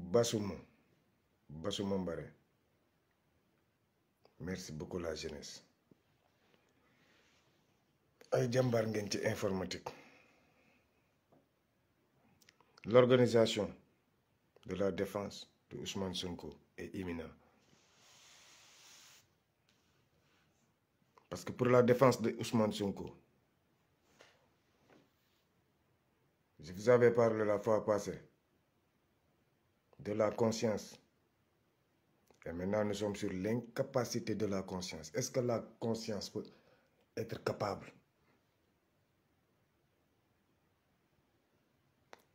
Bassouma Bassouma Mbaré merci beaucoup la jeunesse ay jambar ngeen ci informatique l'organisation de la défense de Ousmane Sonko est imminente parce que pour la défense de Ousmane Sonko je vous avais parlé la fois passée de la conscience. Et maintenant, nous sommes sur l'incapacité de la conscience. Est-ce que la conscience peut être capable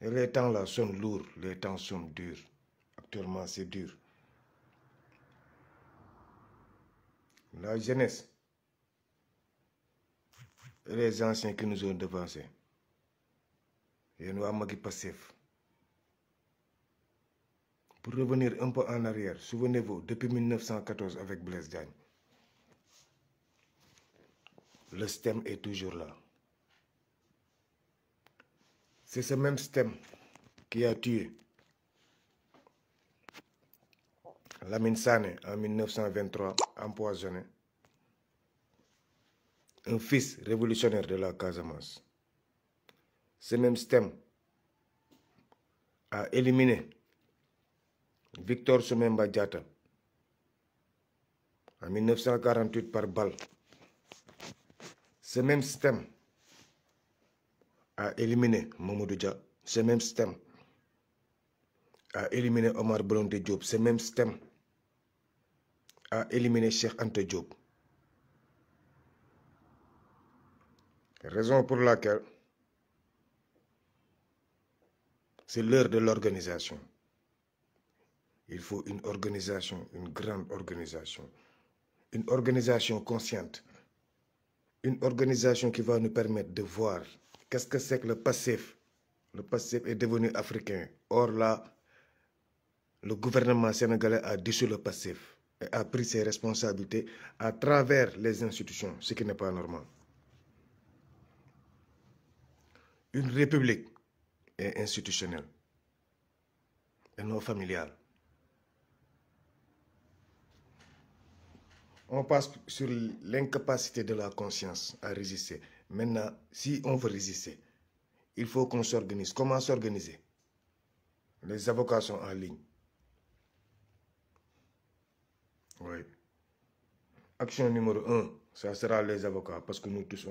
Et les temps là sont lourds, les temps sont durs. Actuellement, c'est dure La jeunesse e les anciens qui nous ont devancés. yéen waa magi Pastef pour revenir un peu en arrière souvenez-vous depuis 1914 avec Blaise Diagne le système est toujours là c'est ce même système qui a tué Lamine Sané en 1923 empoisonné un fils révolutionnaire de la Casamance ce même système a éliminé Victor Soumemba Diatta en 1948 par balle. Ce même système a éliminé Mamoudou Dia, ce même système a éliminé Omar Blondin Diop, ce même système a éliminé Cheikh Anta Diop. Raison pour laquelle c'est l'heure de l'organisation. Il faut une organisation, une grande organisation, une organisation consciente, une organisation qui va nous permettre de voir qu'est-ce que c'est que le passif. Le passif est devenu africain. Or là, le gouvernement sénégalais a dissous le passif et a pris ses responsabilités à travers les institutions, ce qui n'est pas normal. Une république et institutionnelle et non familiale. on passe sur l'incapacité de la conscience à résister. Maintenant, si on veut résister, il faut qu'on s'organise. Comment s'organiser Les avocats sont en ligne. Action numéro un, ça sera les avocats, parce que nous tous,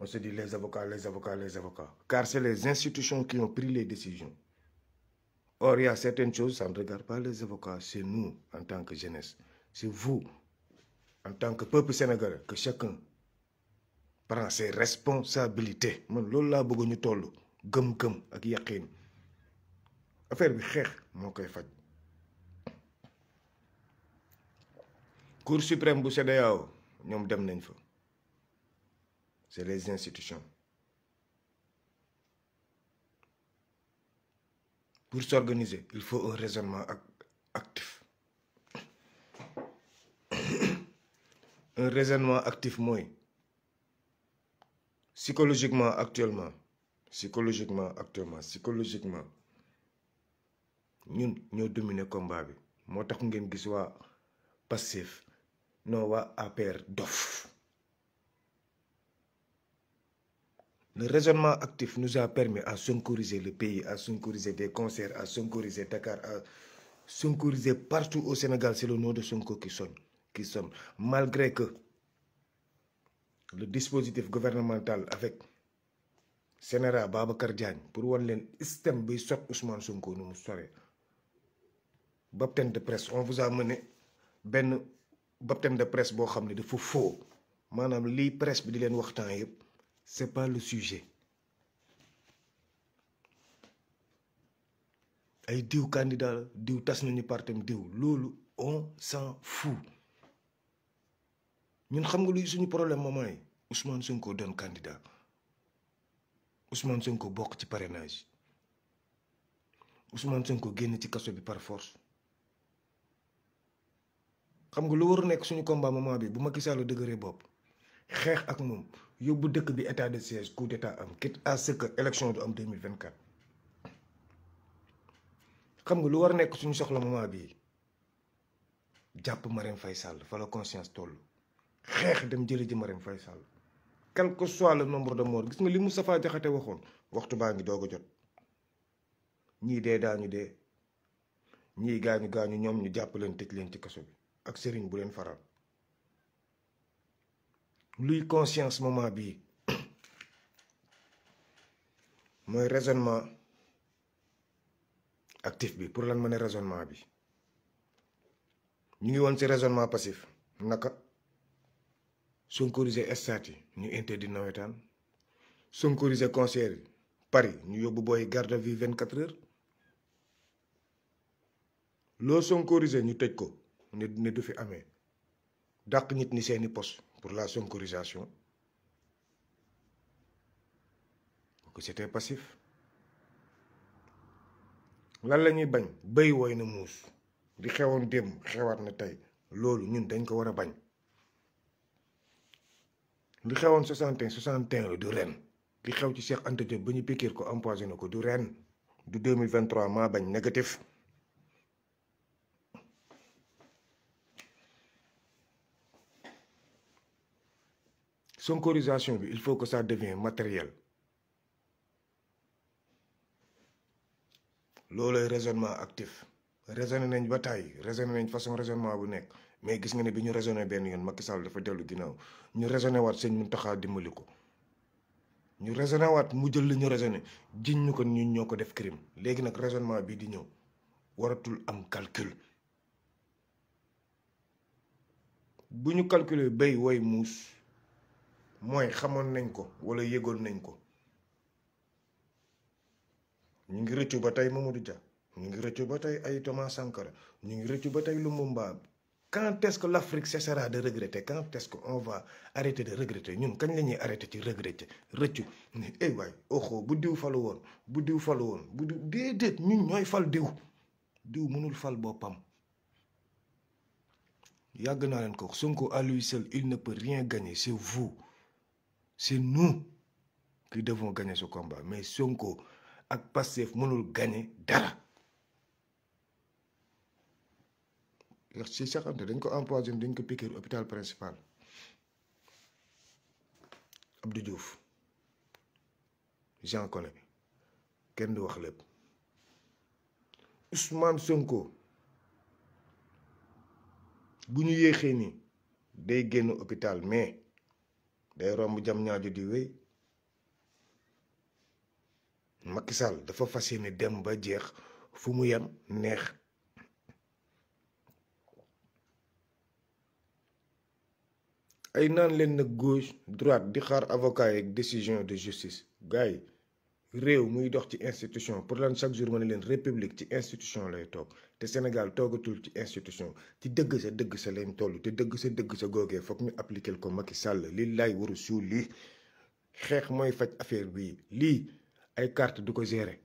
on se, dit les avocats, les avocats, les Car c'est les institutions qui ont pris les décisions. Or, il y a certaines choses, ça regarde pas les avocats, c'est nous en tant que jeunesse. C'est vous en tant que peuple sénégalais que chacun prend ses responsabilités man loolu laa bëgg ñu toll gëm-gëm ak yaqiin affaire bi xeex moo koy faj cour suprême bu CEDEAO ñoom dem nañ fa c'est les institutions pour s'organiser il faut un raisonnement ak un raisonnement actif mooy psychologiquement actuellement psychologiquement actuellement psychologiquement ñun ñoo dominer combat bi moo tax ngeen gis waa Pastef non waa APR dof le raisonnement actif nous a permis à sonkoriser le pays à sonkoriser des concerts à sonkoriser Dakar à sonkoriser partout au Sénégal c'est le nom de Sonko qui sonne qui sommes, que le dispositif gouvernemental avec Sénéra Babacar Diagne pour wan leen système bi sot Ousmane Sonko nu mu soree baptême de presse on vous a mené benn baptême de presse boo xam ne dafa faux maanaam lii presse bi di leen waxtaan yëpp c'est pas le sujet ay diw candidat la diw tas nañu partam diw loolu on ñun xam nga luy suñu problème moom mooy Ousmane Sonko doon candidat Ousmane ko bokk ci parrainage Ousmane Sonko génn ci kaso bi par force xam nga lu war nekk suñu combat moment bi bu Macky Sall dëgëree bopp xeex ak moom yóbbu dëkk bi état de siège coup d'état am quitte à ce que élection du am 2024 xam nga lu war a nekk suñu soxla moment bi jàpp ma Marème Faye Sall fa la conscience toll xeex dem jëli ji Marème Faye Sall quel que soit le nombre de morts gis nga li mu Moustapha Diakhaté waxoon waxtu baa ngi doog a jot ñii dee daañu dee ñii gaañu gaañu ñoom ñu jàpp leen tëj leen ci kaso bi ak sëriñ bu leen faral luy conscience moment bii mooy raisonnement actif bi pour lan ma ne raisonnement bi ñu ngi woon ci raisonnement passif naka sonkorisé stade yi ñu interdit nawetaan sonkorisé concert yi Paris ñu yóbbu booy garde vie vingt quatre heures loo sonkorisé ñu tëj ko ne ne du fi amee dàq nit ñi seeni poste pour la sonkorisation que c'était passif lan la ñuy bañ béy woy na muus di xewoon démb xewaat na tey loolu ñun dañ ko war a bañ li xewoon 61 61 la du ren li xew ci Cheikh Anta Diop ba ñu pikiir ko empoisonné ko du ren du 2023 maa bañ négatif sonkorisation bi il faut que ça devienne matériel loolooy raisonnement actif raisonné nañ ba tàyyi raisonné nañ façon raisonnement bu nekk mais gis nga ne bi ñu raisonné benn yoon Macky Sall dafa dellu ginnaaw ñu raisonné waat sëñ Mountakha dimbali ko ñu raisonné waat mu jël li ñu raisonné jiñ ñu ko ñu ñoo ko def crime léegi nag raisonnement bii di ñëw waratul am calcule bu ñu calculer bay woy muus mooy xamoon nañ ko wala yëgoon nañ ko ñu ngi rëccu ba moom Mamadou Dia ñu ngi rëccu ba tey ay Thomas Sankara ñu ngi rëccu ba tey Lumumba quand est-ce que l'Afrique cessera de regretter quand est-ce que on va arrêter de regretter ñun kañ la ñuy arrêter ci regretter rëccu ne ay waay bu diw falu woon bu diw falu woon bu diw déedéet ñun ñooy fal diw diw mënul fal boppam yàgg naa leen ko Sonko à lui seul il ne peut rien gagner c'est vous c'est nous qui devons gagner ce combat mais Sonko ak Pastef mënul gagner dara ndax si Cheikh dañ ko empoisonné dañ ko piqué hôpital principal Abdou Diouf Jean Collé kenn du wax lépp Ousmane Sonko bu ñu yéexee ni day génn hôpital mais day romb jam ñaaju di wéy Macky Sall dafa fas yéene dem ba jeex fu mu yem neex. ay naan leen nag gauche droite di xaar avocat yeeg décision de justice gars yi réew muy dox ci institution pour lan chaque jour ma ne leen république ci institution lay toog te Sénégal toogatul ci institution ci dëgg sa dëgg sa lañ toll te dëgg sa dëgg sa googee foog ñu appliquer ko Macky Sall li laay waru suul lii xeex mooy faj affaire bii lii ay carte du ko gérer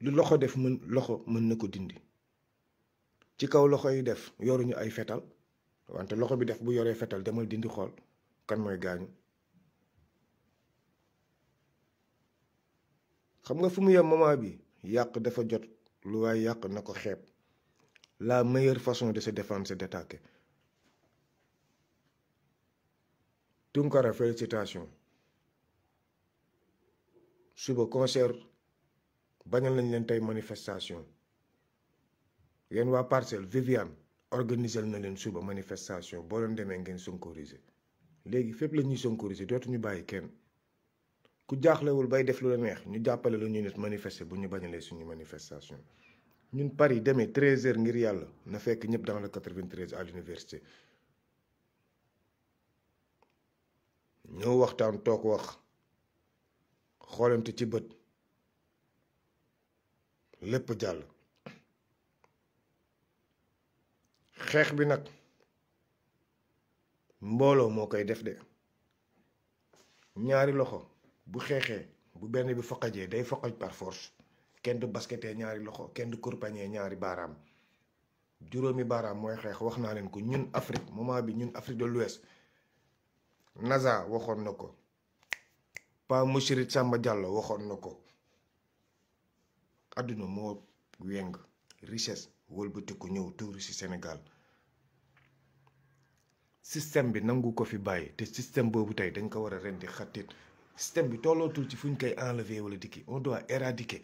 lu loxo def mën loxo mën na ko dindi ci kaw loxo yi def yoruñu ay fetal wante loxo bi def bu yoree fetal demal dindi xool kan mooy gaañu xam nga fu mu yem moment bi yàq dafa jot lu waaye yàq na ko xeeb la meilleure façon de se défendre c'est d'attaquer Tunkara félicitations suba concert bañal nañ leen tey manifestation yéen waa parcelle Viviane organisel na leen suba manifestation boo leen demee ngeen sonkorisé léegi fépp la ñuy sonkorisé dootuñu bàyyi kenn ku jaaxlewul bay def lu la neex ñu jàppale la ñu nit manifester bu ñu bañalee suñu manifestation ñun Paris demee 13h ngir yàlla na fekk ñëpp dans le 93 à l'université ñoo waxtaan toog wax xoolante ci bët lépp jàll. xeex bi nag mbooloo moo koy def de ñaari loxo bu xeexee bu benn bi foqajee day foqaj par force kenn du basketee ñaari loxo kenn du kurpañee ñaari baaraam juróomi baaraam mooy xeex wax naa leen ko ñun Afrique moment bi ñun Afrique de l'Ouest NASA waxoon na ko Pa Mouchirit Samba Diallo waxoon na ko àdduna moo weng richesse wëlbatiku ñëw tuuri ci Sénégal système bi nangu ko fi bàyyi te système boobu tey dañ ko war a rendi xattit système bi tollootul ci fu ñu koy enlever wala dikki on doit éradiquer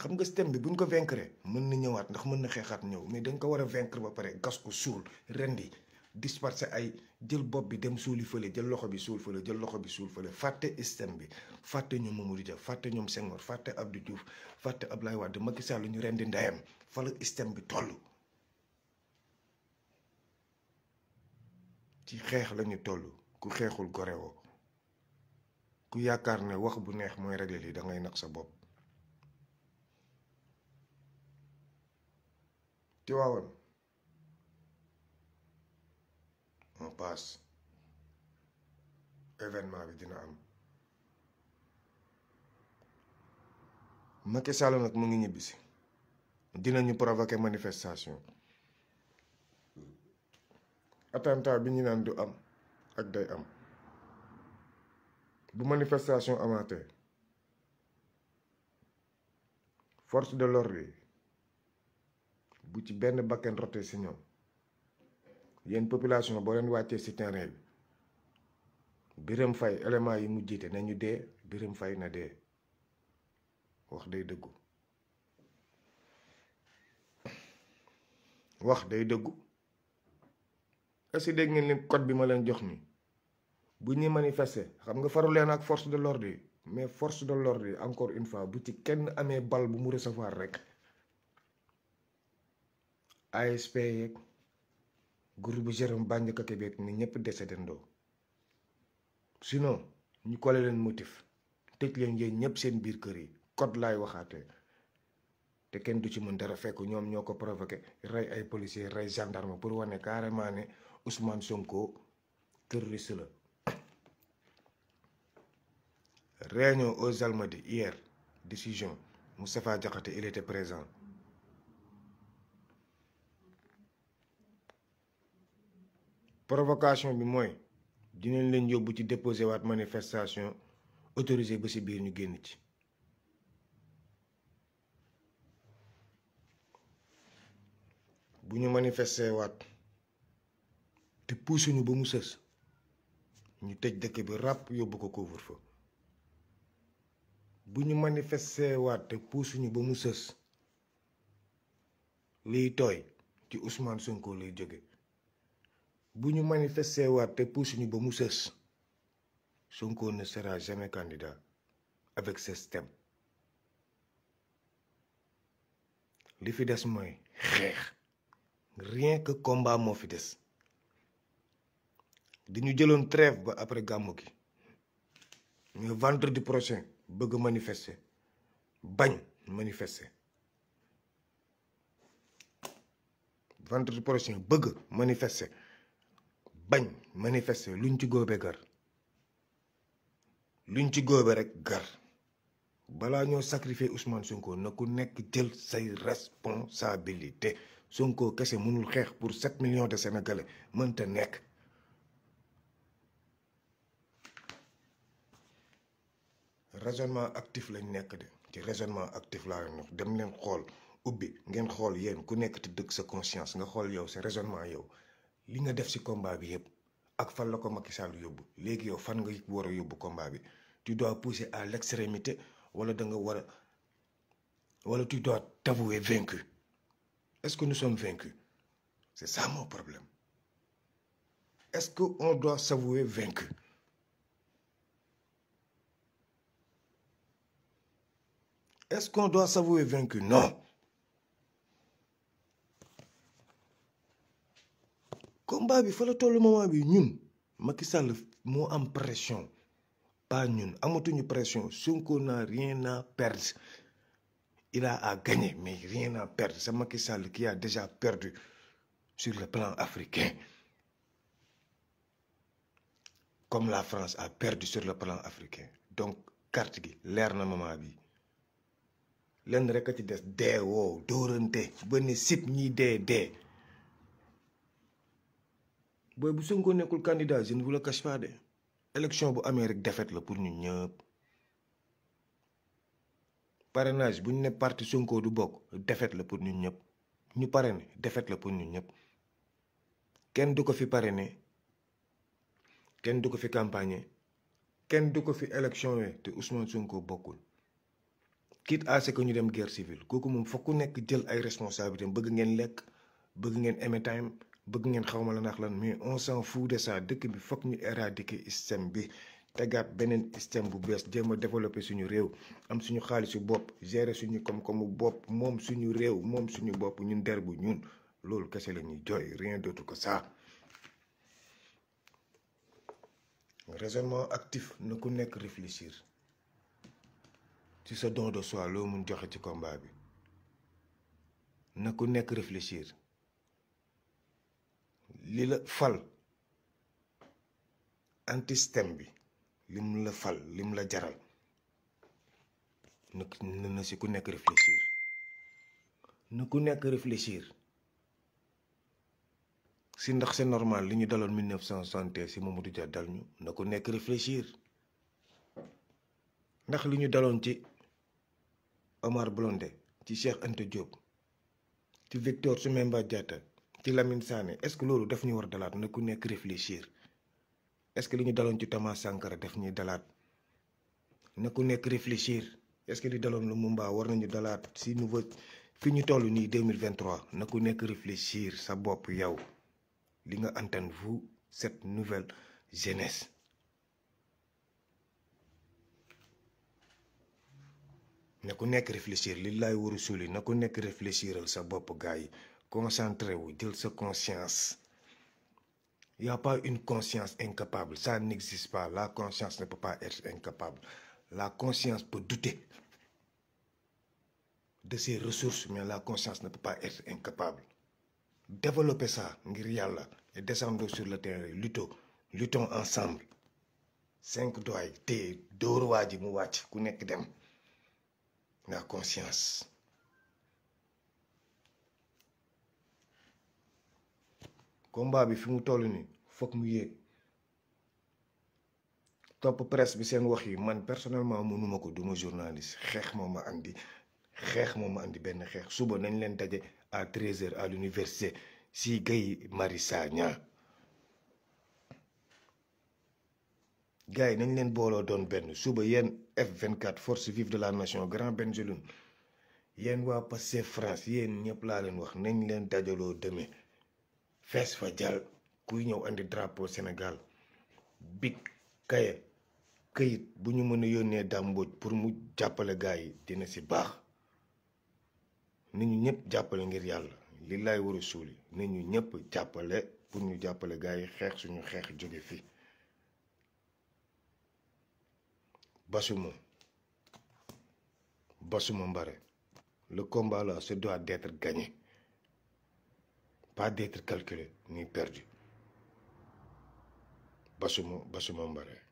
xam nga système bi bu ñu ko vaincre mën na ñëwaat ndax mën na xeexaat ñëw mais dañ ko war a vaincre ba pare gas ko suul rendi disperser ay jël bopp bi dem suuli fële jël loxo bi suul fële jël loxo bi suul fële fàtte système bi fàtte ñoom Mamadou Dia fàtte ñoom Senghor fàtte Abdou Diouf fàtte Abdoulaye Wade Macky Sall ñu rendi ndeyam fa la système bi toll. ci xeex lañu toll ku xeexul gore woo ku yaakaar ne wax bu neex mooy régler lii dangay ngay sa bopp Tiwaawan on passe événement bi dina am Macky Sall nag mu ngi ñibbisi dina ñu provoquer manifestation attentat bi ñu naan du am ak day am bu manifestation amaatee force de l'ordre bi bu ci benn bakkan rote si ñoom yéen population boo leen wàccee ci terrain bi biram Faye élément yi mu jiite nañu dee biram fay na dee wax day dëggu wax day dëggu est ce dégg ngeen ni code bi ma leen jox ni bu ñuy manifester xam nga faru leen ak force de l'ordre yi mais force de l'ordre yi encore une fois bu ci kenn amee bal bu mu recevoir rek ASP yeeg groupe Jérôme Bandiaky beeg ni ñëpp décédé ndoo sinon ñu kole leen motif tëj leen yéen ñëpp seen biir kër yi code lay waxaatee te kenn du ci mën dara fekk ñoom ñoo ko provoqué rey ay policiers rey gendarme pour wane carrément ne Ousmane Sonko terroriste la réunion aux Almadies hier décision Moustapha Diakhaté il était présent provocation bi mooy dinañ leen yóbbu ci déposé waat manifestation autorisé ba ci biir ñu génn ci bu ñu manifesté waat te puusuñu ba mu sës ñu tëj dëkk bi ràpp yóbbu ko couvre-feu bu ñu manifesté waat te puusuñu ba mu sës liy tooy ci Ousmane Sonko lay jóge bu ñu manifesté waat te puusuñu ba mu sës Sonko ne sera jamais candidat avec système li fi des mooy xeex rien que combat moo fi des dañu jëloon trêve ba après gàmmu gi mais de prochain bëgg manifester bañ manifester vendredi prochain bëgg manifester bañ manifester luñ ci góobee gar lu luñ ci góobee rek gar balaa ñoo sacrifier Ousmane Sonko na ku nekk jël say responsabilité Sonko kese mënul xeex pour sept million de sénégalais mënta nekk raisonnement actif lañ nekk de ci raisonnement actif laa leen dem leen xool ubbi ngeen xool yéen ku nekk te dëkk sa conscience nga xool yow sa raisonnement yow li nga def si combat bi yëpp ak fan la ko Macky Sall yóbbu léegi yow fan nga war a yóbbu combat bi tu dois pousser à l'extrémité wala da nga war a wala tu dois t'avouer vaincu est-ce que nous sommes vaincus c'est ça mon problème est-ce que on doit s'avouer vaincu Est-ce qu'on doit s'avouer vaincu Non. combat bi fa la tollu moment bi ñun Macky Sall mu am pression pas ñun amatuñu pression Sonko n'a rien à perdre il a à gagner mais rien à perdre c'est Macky Sall a déjà perdu sur le plan africain comme la France a perdu sur le plan africain donc carte gi leer na moment bi lenn rek a ci des dee doorante dóorante ba ne sip ñiy dee dee booy bu Sonko nekkul candidat je ne vous le cache de élection bu amee rek défaite la pour ñu ñëpp parrainage bu ñu ne parti Sonko du bokk défaite la pour ñun ñëpp ñu parrainé défaite la pour ñun ñëpp kenn du ko fi pare parrainé kenn du ko fi campagner kenn du ko fi élection te Ousmane Sonko bokkul. quitte à ce que ñu dem guerre civile kooku moom foog ku nekk jël ay responsabilités bëgg ngeen lekk bëgg ngeen ame time bëgg ngeen xawma la ndax lan mais on s'en fout de ça dëkk bi foog ñu éradiquer système bi tegaat beneen système bu bees jéem a développer suñu réew am suñu xaalisu bopp gérer suñu koom-koomu bopp moom suñu réew moom suñu bopp ñun der bu ñun loolu kese la ñuy jooy rien d'autre que ça raisonnement actif na ku nekk réfléchir ci sa don de soi loo mun joxe ci combat bi na ku nekk réfléchir li la fal antisystème bi lim la fal lim la jaral na si ku nekk réfléchir na ku nekk réfléchir si ndax c'est normal li ñu daloon 1960 si Mamadou Dia dal ñu na ku nekk réfléchir ndax li ñu daloon ci Omar Blondé ci Cheikh Anta Diop ci Victor Soumemba Diatta ci Lamine Sané est-ce que loolu daf ñu war dalaat na ku nekk réfléchir est-ce que li ñu daloon ci Thomas sànkara daf ñuy dalaat na ku nekk réfléchir est-ce que li daloon Lumumba war nañu dalaat si nouveau fi ñu toll nii 2023 na ku nekk réfléchir sa bopp yow li nga antan fu cette nouvelle jeunesse ne ku nekk réfléchir li laay waru suuli na ku nekk réfléchiral sa bopp gars concentré wu jël sa conscience y a pas une conscience incapable ça n'existe pas la conscience ne peut pas être incapable la conscience peut douter de ses ressources mais la conscience ne peut pas être incapable développer ça ngir yàlla et descendre sur le terrain luttons luttons ensemble cinq doy te dóor waa ji mu wàcc ku nekk dem la conscience. combat bi fi mu toll nii foog mu yéeg topp presse bi seen wax yi man personnellement mënuma ko duma journaliste xeex moom a andi xeex moom ma andi benn xeex suba nañ leen daje à 13h à l'université si Guy Marius Sagna gars yi nañ leen booloo doon benn suba yéen F24 force vive de la nation grand Bengelloune yéen waa Pastef France yéen ñëpp laa leen wax nañu leen dajaloo demee fees fa jàll kuy ñëw andi drapo Sénégal big kaye këyit bu ñu mën a yónnee dàmbooj pour mu jàppale gars yi dina si baax nit ñu ñëpp jàppale ngir yàlla li laay war suuli nit ñu ñëpp jàppale pour ñu jàppale gars yi xeex suñu xeex jóge fii Bassouma Bassouma Mbaré le combat là se doit d'être gagné pas d'être calculé ni perdu Bassouma Bassouma Mbaré